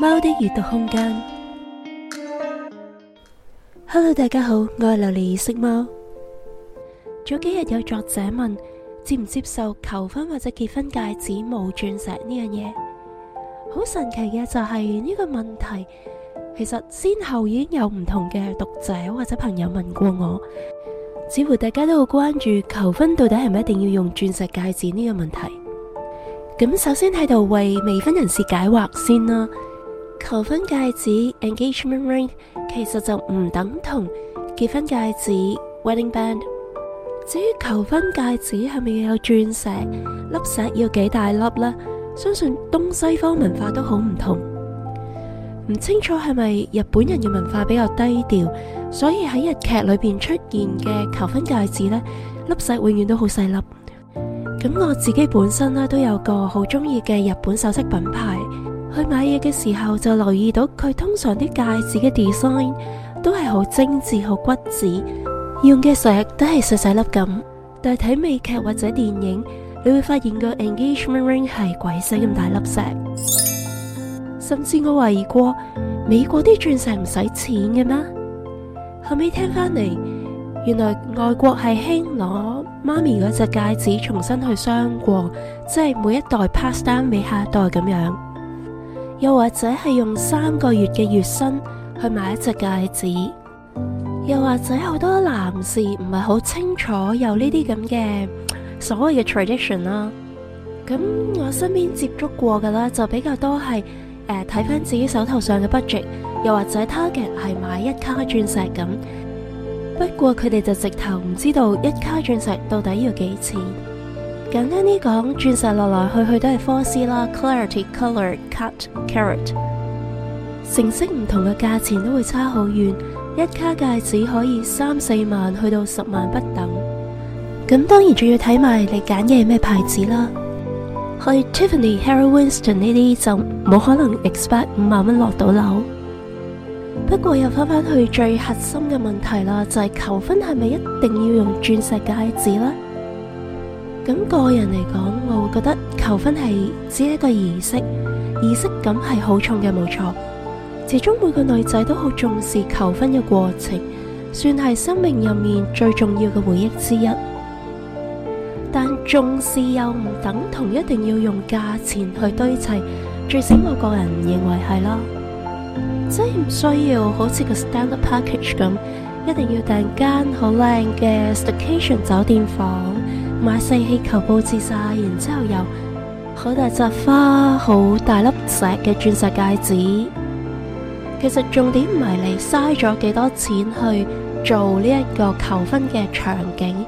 貓的閱讀空間。Hello，大家好，我係琉璃異色貓。早幾日有作者問接唔接受求婚或者結婚戒指冇鑽石呢樣嘢，好神奇嘅就係呢個問題，其實先後已經有唔同嘅讀者或者朋友問過我，似乎大家都好關注求、求婚到底係咪一定要用鑽石戒指呢個問題？咁首先喺度為未婚人士解惑先啦。求婚戒指 （engagement ring） 其實就唔等同結婚戒指 （wedding band）。至於求婚戒指係咪要有鑽石、粒石要幾大粒呢？相信東西方文化都好唔同。唔清楚係咪日本人嘅文化比較低調，所以喺日劇裏邊出現嘅求婚戒指呢，粒石永遠都好細粒。咁我自己本身呢都有個好中意嘅日本首飾品牌。佢買嘢嘅時候就留意到佢通常啲戒指嘅 design 都係好精緻、好骨子，用嘅石都係細細粒咁。但係睇美劇或者電影，你會發現個 engagement ring 係鬼死咁大粒石。甚至我懷疑過美國啲鑽石唔使錢嘅咩？後尾聽翻嚟，原來外國係興攞媽咪嗰隻戒指重新去鑲過，即係每一代 pass down 俾下一代咁樣。又或者係用三個月嘅月薪去買一隻戒指，又或者好多男士唔係好清楚有呢啲咁嘅所謂嘅 tradition 啦。咁我身邊接觸過噶啦，就比較多係誒睇翻自己手頭上嘅 budget，又或者 target 係買一卡鑽石咁。不過佢哋就直頭唔知道一卡鑽石到底要幾錢。簡單啲講，鑽石來來去去都係 4C 啦，clarity、colour、cut、carat 成色唔同嘅價錢都會差好遠，一卡戒指可以三四萬去到十萬不等。咁當然仲要睇埋你揀嘅係咩牌子啦，去 Tiffany、Harry Winston 呢啲就冇可能 expect 五萬蚊落到樓。不過又翻返去最核心嘅問題啦，就係、是、求婚係咪一定要用鑽石戒指咧？咁個人嚟講，我會覺得求婚係只係一個儀式，儀式感係好重嘅，冇錯。始終每個女仔都好重視求婚嘅過程，算係生命入面最重要嘅回憶之一。但重視又唔等同一定要用價錢去堆砌，最少我個人認為係咯，即係唔需要好似個 standard package 咁，一定要訂間好靚嘅 staycation 酒店房，買細氣球，布置晒，然之後又好大扎花，好大粒石嘅鑽石戒指。其實重點唔係你嘥咗幾多錢去做呢一個求婚嘅場景，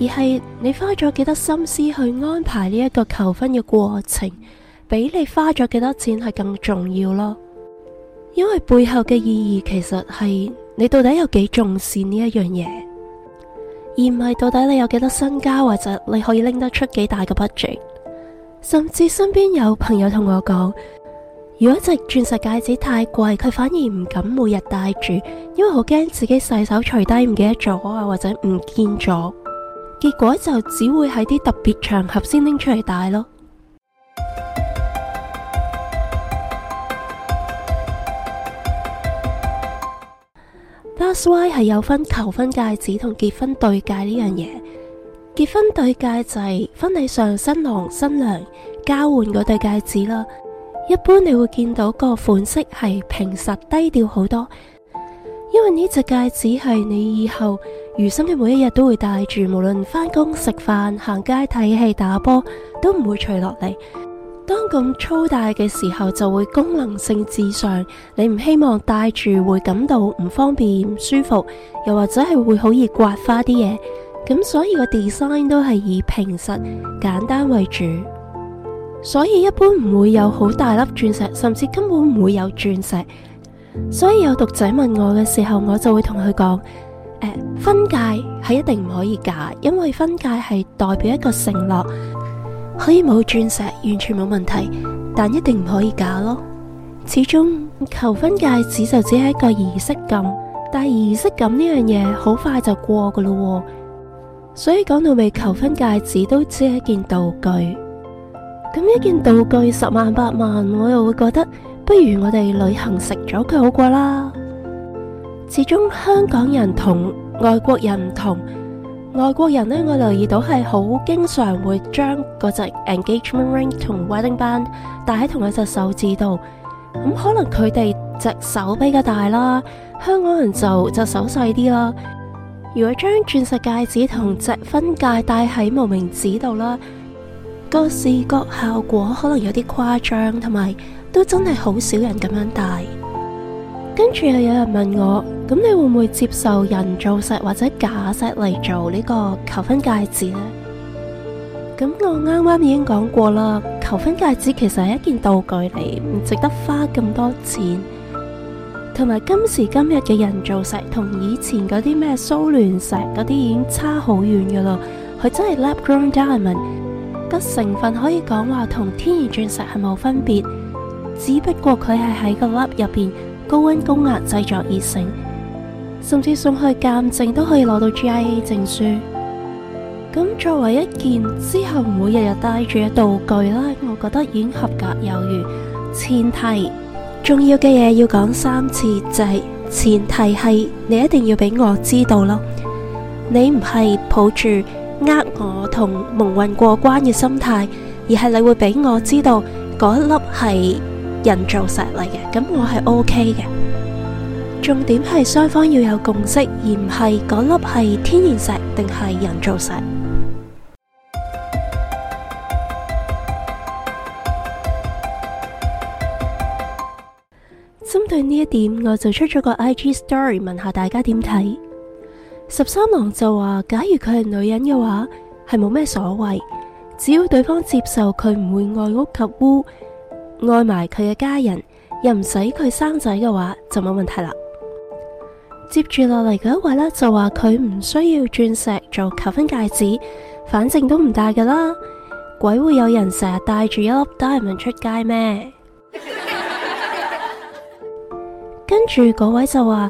而係你花咗幾多心思去安排呢一個求婚嘅過程，比你花咗幾多錢係更重要咯。因為背後嘅意義其實係你到底有幾重視呢一樣嘢。而唔係到底你有幾多身家，或者你可以拎得出幾大嘅 budget，甚至身邊有朋友同我講，如果隻鑽石戒指太貴，佢反而唔敢每日戴住，因為好驚自己洗手除低唔記得咗啊，或者唔見咗，結果就只會喺啲特別場合先拎出嚟戴咯。S, s Y 係有分求婚戒指同結婚對戒呢樣嘢，結婚對戒就係婚禮上新郎新娘交換嗰對戒指啦。一般你會見到個款式係平實低調好多，因為呢隻戒指係你以後餘生嘅每一日都會戴住，無論返工、食飯、行街、睇戲、打波，都唔會除落嚟。當咁粗大嘅時候，就會功能性至上。你唔希望戴住會感到唔方便、唔舒服，又或者係會好易刮花啲嘢。咁所以個 design 都係以平實、簡單為主。所以一般唔會有好大粒鑽石，甚至根本唔會有鑽石。所以有讀者問我嘅時候，我就會同佢講：誒，婚戒係一定唔可以假，因為婚戒係代表一個承諾。可以冇鑽石，完全冇問題，但一定唔可以假咯。始終求婚戒指就只係一個儀式感，但係儀式感呢樣嘢好快就過嘅咯。所以講到尾求婚戒指都只係一件道具，咁一件道具十萬八萬，我又會覺得不如我哋旅行食咗佢好過啦。始終香港人同外國人唔同。外國人呢，我留意到係好經常會將嗰隻 engagement ring 同 wedding band 戴喺同一隻手指度，咁、嗯、可能佢哋隻手比較大啦，香港人就隻手細啲啦。如果將鑽石戒指同隻婚戒戴喺無名指度啦，個視覺效果可能有啲誇張，同埋都真係好少人咁樣戴。跟住又有人問我。咁你會唔會接受人造石或者假石嚟做呢個求婚戒指呢？咁我啱啱已經講過啦，求婚戒指其實係一件道具嚟，唔值得花咁多錢。同埋今時今日嘅人造石，同以前嗰啲咩蘇聯石嗰啲已經差好遠噶啦。佢真係 lab grown diamond，個成分可以講話同天然鑽石係冇分別，只不過佢係喺個 lab 入邊高温高壓製作而成。甚至送去鑒證都可以攞到 GIA 證書。咁作為一件之後唔會日日戴住嘅道具啦，我覺得已經合格有餘。前提，重要嘅嘢，要講三次，就係前提係你一定要俾我知道咯。你唔係抱住呃我同蒙混過關嘅心態，而係你會俾我知道嗰粒係人造石嚟嘅，咁我係 OK 嘅。重點係雙方要有共識，而唔係嗰粒係天然石定係人造石。針對呢一點，我就出咗個 IG Story 問下大家點睇。十三郎就話：假如佢係女人嘅話，係冇咩所謂，只要對方接受佢唔會愛屋及烏，愛埋佢嘅家人，又唔使佢生仔嘅話，就冇問題啦。接住落嚟嗰一位咧，就話佢唔需要鑽石做求婚戒指，反正都唔戴㗎啦。鬼會有人成日戴住一粒 diamond 出街咩？ 跟住嗰位就話，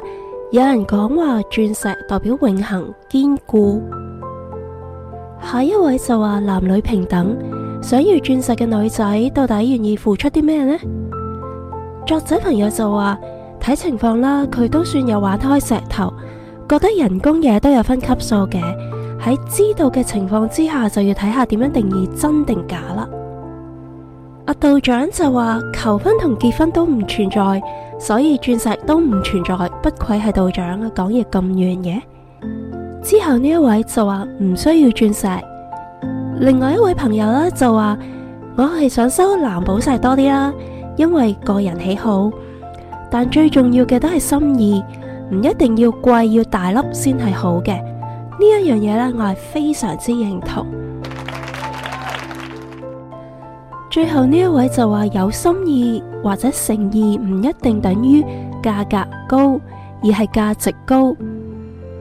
有人講話鑽石代表永恒堅固。下一位就話男女平等，想要鑽石嘅女仔到底願意付出啲咩呢？作者朋友就話。睇情況啦，佢都算有玩開石頭，覺得人工嘢，都有分級數嘅。喺知道嘅情況之下，就要睇下點樣定義真定假啦。阿道長就話求婚同結婚都唔存在，所以鑽石都唔存在。不愧係道長，講嘢咁遠嘅。之後呢一位就話唔需要鑽石，另外一位朋友呢，就話我係想收藍寶石多啲啦，因為個人喜好。但最重要嘅都係心意，唔一定要貴，要大粒先係好嘅。呢一樣嘢，呢我係非常之認同。 最後呢一位就話有心意或者誠意，唔一定等於價格高，而係價值高。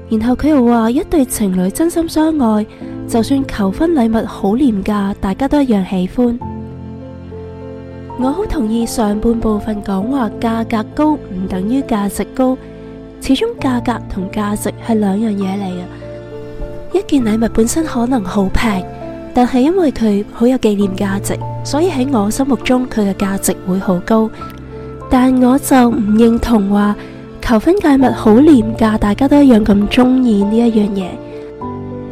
然後佢又話一對情侶真心相愛，就算求婚禮物好廉價，大家都一樣喜歡。我好同意上半部分講話，價格高唔等於價值高，始終價格同價值係兩樣嘢嚟嘅。一件禮物本身可能好平，但係因為佢好有紀念價值，所以喺我心目中佢嘅價值會好高。但我就唔認同話求婚禮物好廉價，大家都一樣咁中意呢一樣嘢。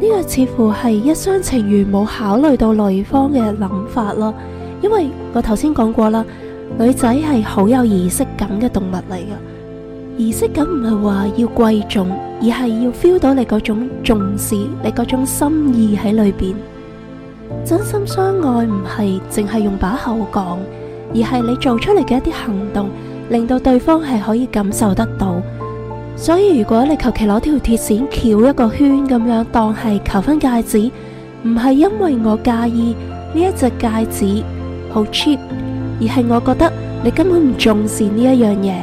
呢個似乎係一廂情願，冇考慮到女方嘅諗法咯。因為我頭先講過啦，女仔係好有儀式感嘅動物嚟㗎。儀式感唔係話要貴重，而係要 feel 到你嗰種重視，你嗰種心意喺裏邊。真心相愛唔係淨係用把口講，而係你做出嚟嘅一啲行動，令到對方係可以感受得到。所以如果你求其攞條鐵線翹一個圈咁樣當係求婚戒指，唔係因為我介意呢一隻戒指。好 cheap，而係我覺得你根本唔重視呢一樣嘢，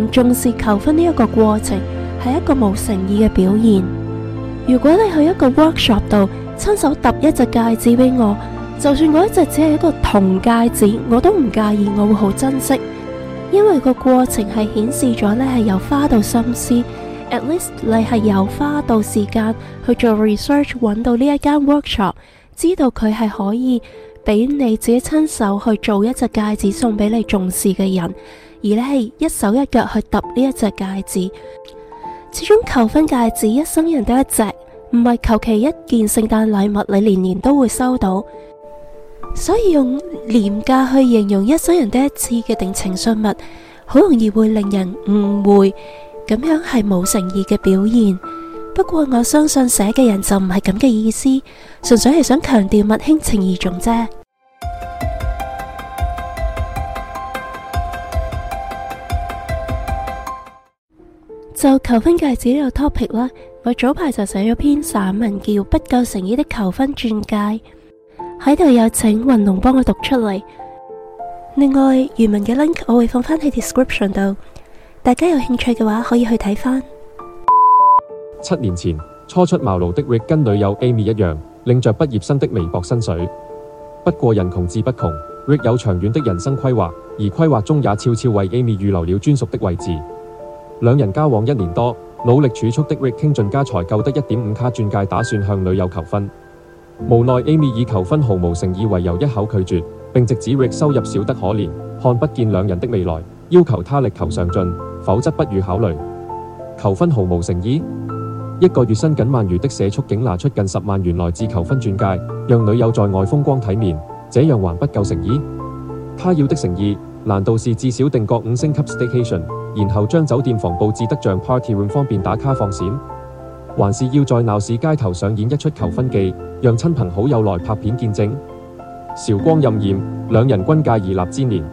唔重視求婚呢一個過程，係一個冇誠意嘅表現。如果你去一個 workshop 度親手揼一隻戒指俾我，就算我一隻只係一個銅戒指，我都唔介意，我會好珍惜，因為個過程係顯示咗你係由花到心思，at least 你係由花到時間去做 research，揾到呢一間 workshop，知道佢係可以。俾你自己親手去做一隻戒指送俾你重視嘅人，而你係一手一腳去揼呢一隻戒指。始終求婚戒指一生人得一隻，唔係求其一件聖誕禮物你年年都會收到。所以用廉價去形容一生人得一次嘅定情信物，好容易會令人誤會，咁樣係冇誠意嘅表現。不過我相信寫嘅人就唔係咁嘅意思，純粹係想強調物輕情義重啫。 就求婚戒指呢個 topic 啦，我早排就寫咗篇散文叫《不夠誠意的求婚鑽戒》，喺度有請雲龍幫我讀出嚟。另外，原文嘅 link 我會放返喺 description 度，大家有興趣嘅話可以去睇翻。七年前初出茅廬的 Rick 跟女友 Amy 一樣，領着畢業生的微薄薪水。不過人窮志不窮，Rick 有長遠的人生規劃，而規劃中也悄悄為 Amy 預留了專屬的位置。兩人交往一年多，努力儲蓄的 Rick 傾盡家財，購得一點五卡鑽戒，打算向女友求婚。無奈 Amy 以求婚毫無誠意為由，一口拒絕，並直指 Rick 收入少得可憐，看不見兩人的未來，要求他力求上進，否則不予考慮。求婚毫無誠意？一個月薪僅萬餘的社畜竟拿出近十萬元來自求婚鑽戒，讓女友在外風光體面，這樣還不夠誠意？他要的誠意，難道是至少定個五星級 staycation，然後將酒店房布置得像 party room，方便打卡放閃？還是要在鬧市街頭上演一出求婚記，讓親朋好友來拍片見證？韶光荏苒，兩人均屆而立之年，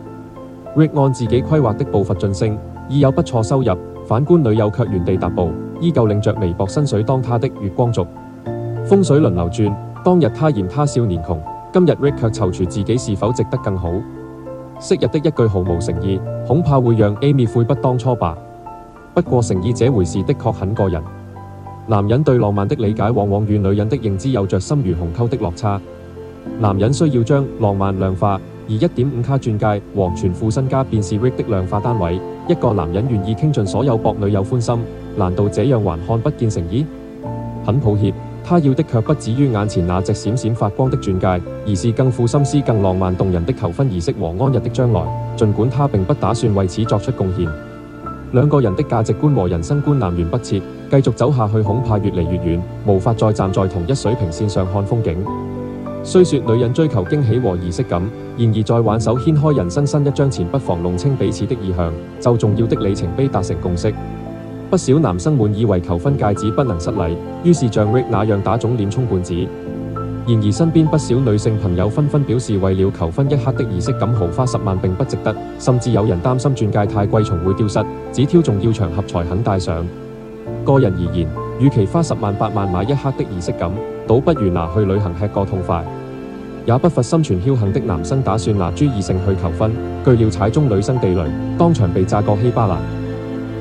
亦按自己規劃的步伐晉升，已有不錯收入。反觀女友卻原地踏步。依舊領着微薄薪水當他的月光族，風水輪流轉，當日他嫌他少年窮，今日 Rick 卻躊躇自己是否值得更好。昔日的一句毫無誠意，恐怕會讓 Amy 悔不當初吧。不過誠意這回事的確很個人，男人對浪漫的理解往往與女人的認知有着深如鴻溝的落差。男人需要將浪漫量化，而一點五卡鑽戒和全副身家便是 Rick 的量化單位。一個男人願意傾盡所有博女友歡心。難道這樣還看不見誠意？很抱歉，他要的卻不止於眼前那隻閃閃發光的鑽戒，而是更富心思、更浪漫動人的求婚儀式和安逸的將來。儘管他並不打算為此作出貢獻，兩個人的價值觀和人生觀南轅北轍，繼續走下去恐怕越來越遠，無法再站在同一水平線上看風景。雖說女人追求驚喜和儀式感，然而在挽手掀開人生新一章前，不妨弄清彼此的意向，就重要的里程碑達成共識。不少男生滿以為求婚戒指不能失禮，於是像 Nick 那樣打腫臉充胖子。然而身邊不少女性朋友紛紛表示，為了求婚一刻的儀式感，豪花十萬並不值得。甚至有人擔心鑽戒太貴重會丟失，只挑重要場合才肯戴上。個人而言，與其花十萬八萬買一刻的儀式感，倒不如拿去旅行吃個痛快。也不乏心存僥倖的男生打算拿朱義盛去求婚，詎料踩中女生地雷，當場被炸個稀巴爛。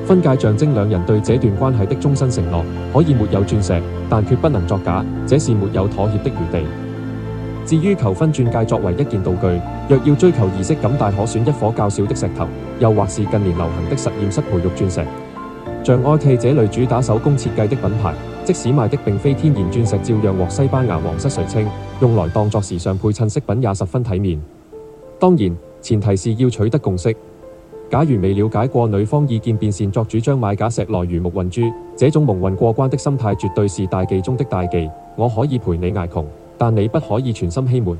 婚戒象徵兩人對這段關係的終身承諾，可以沒有鑽石，但決不能作假，這是沒有妥協的餘地。至於求婚鑽戒作為一件道具，若要追求儀式感，大可選一顆較小的石頭，又或是近年流行的實驗室培育鑽石。像 I.T. 這類主打手工設計的品牌，即使賣的並非天然鑽石，照樣獲西班牙皇室垂青，用來當作時尚配襯飾品也十分體面。當然，前提是要取得共識。假如未了解過女方意見，便擅作主張買假石來魚目混珠，這種蒙混過關的心態絕對是大忌中的大忌。我可以陪你挨窮，但你不可以全心欺瞞。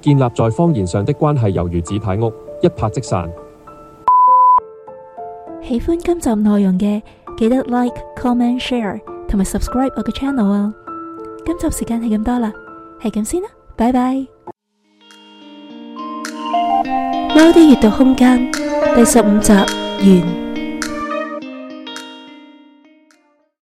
建立在謊言上的關係猶如紙牌屋，一拍即散。喜歡今集內容嘅，記得 Like、Comment、Share 同埋 Subscribe 我嘅 channel 啊！今集時間係咁多啦，係咁先啦，拜拜。貓啲閱讀空間。第十五集完。